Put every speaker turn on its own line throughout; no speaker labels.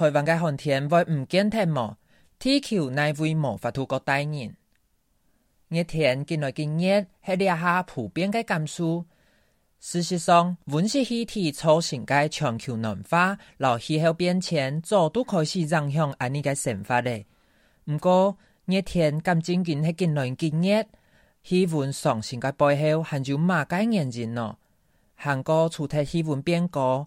台灣嘅寒天會唔見天幕，地球內會無法度住人，熱天近年來嘅熱係啲阿下普遍嘅感受。事實上，溫室氣體造成嘅全球暖化，老氣候變遷，早都開始影響阿呢嘅生活咧。唔過，熱天今幾年係近年來嘅熱，氣温上升嘅背後含住麼個原因咯，韓國除睇氣温變高。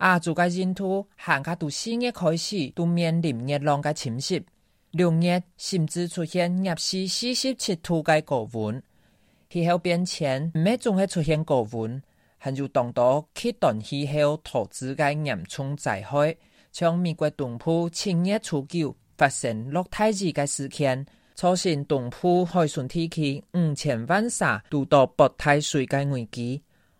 亞洲該領土從卡度四月開始就面臨熱浪嘅侵襲，六月甚至出現廿四四十七度嘅高温。氣候變遷唔免仲係出現高温，還有當地極端氣候導致嘅嚴重災害，像美國東部七月初九發生落胎熱嘅事件，造成東部海順地區五千萬沙遇到暴太水嘅危機。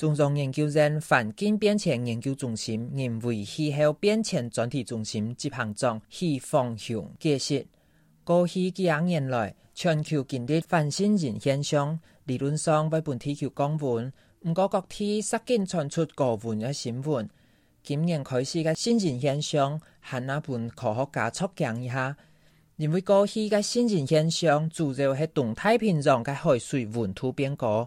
中國研究院環境變遷研究中心人為氣候變遷專題中心執行長許方雄解釋：過去幾廿年來全球見的聖嬰現象理論上本不伴地球降温，唔過各地實踐傳出高温嘅新聞，今年開始嘅聖嬰現象係阿伴科學家出鏡一下，認為過去嘅聖嬰現象主要係東太平洋嘅海水温度變高。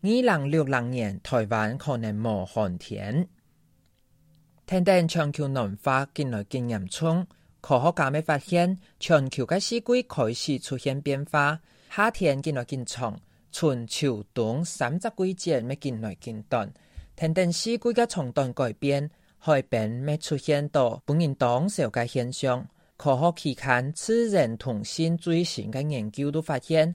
二零六零年，台灣可能無寒天。田聽全球暖化近近，近年來漸嚴重。科學家們發現，全球嘅四季開始出現變化，夏天漸來漸長，春、秋、冬三隻季節近近，咪漸來漸短。田聽四季嘅長短改變，海邊咪出現到本然凍少嘅現象。科學期刊《自然通訊》最新嘅研究都發現。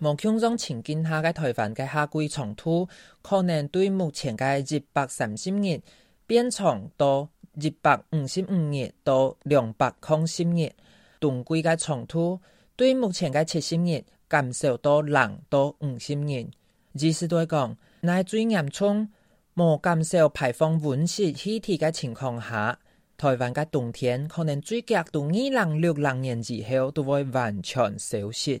望空中前景下嘅台灣嘅夏季長度，可能對目前嘅一百三十日變長到一百五十五日到兩百空十日；冬季嘅長度對目前嘅七十日減少到零到五十年。意思對講，乃最嚴重無減少排放温室氣體嘅情況下，台灣嘅冬天可能最極到二零六零年之後都會完全消失。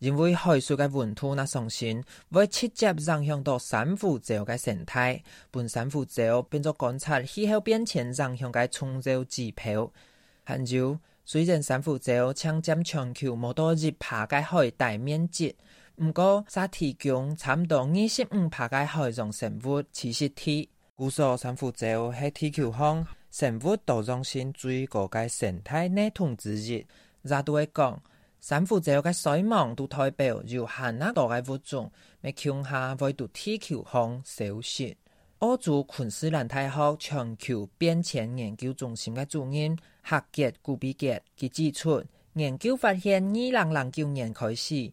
因為海水嘅溫度那上升，會直接影響到珊瑚礁嘅生態。本珊瑚礁變作觀測氣候變遷影響嘅重要指標。杭州雖然珊瑚礁搶佔全球唔多日拍嘅海大面積，唔過沙堤港差唔多二十五拍嘅海洋生物棲息地。古所珊瑚礁喺地球方，生物多樣性最高嘅生態系統之一，咋都會講。神父只有嘅衰亡都代表有限度嘅物種，咪橋下會喺地球上消失。澳洲昆士蘭大學全球變遷研究中心嘅主任，哈杰古比杰佢指出，研究發現二零零九年開始，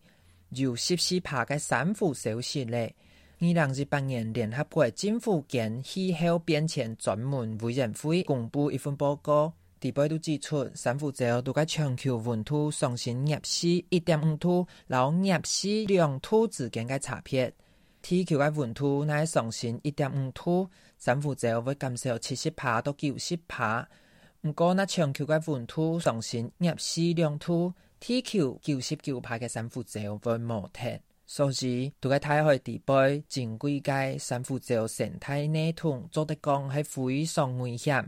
有十四趴嘅珊瑚消失咧。二零一八年聯合國政府間氣候變遷專門委員會公布一份報告。地表都指出，珊瑚礁都喺全球溫度上升廿四一點五度，然後廿四兩度之間嘅差別。地球嘅溫度乃上升一點五度，珊瑚礁會減少七十帕到九十帕。唔過，那全球嘅溫度上升廿四兩度，地球九十九帕嘅珊瑚礁會冒停。所以，都喺打開地表正規屆珊瑚礁生態系統做得講係非常危險。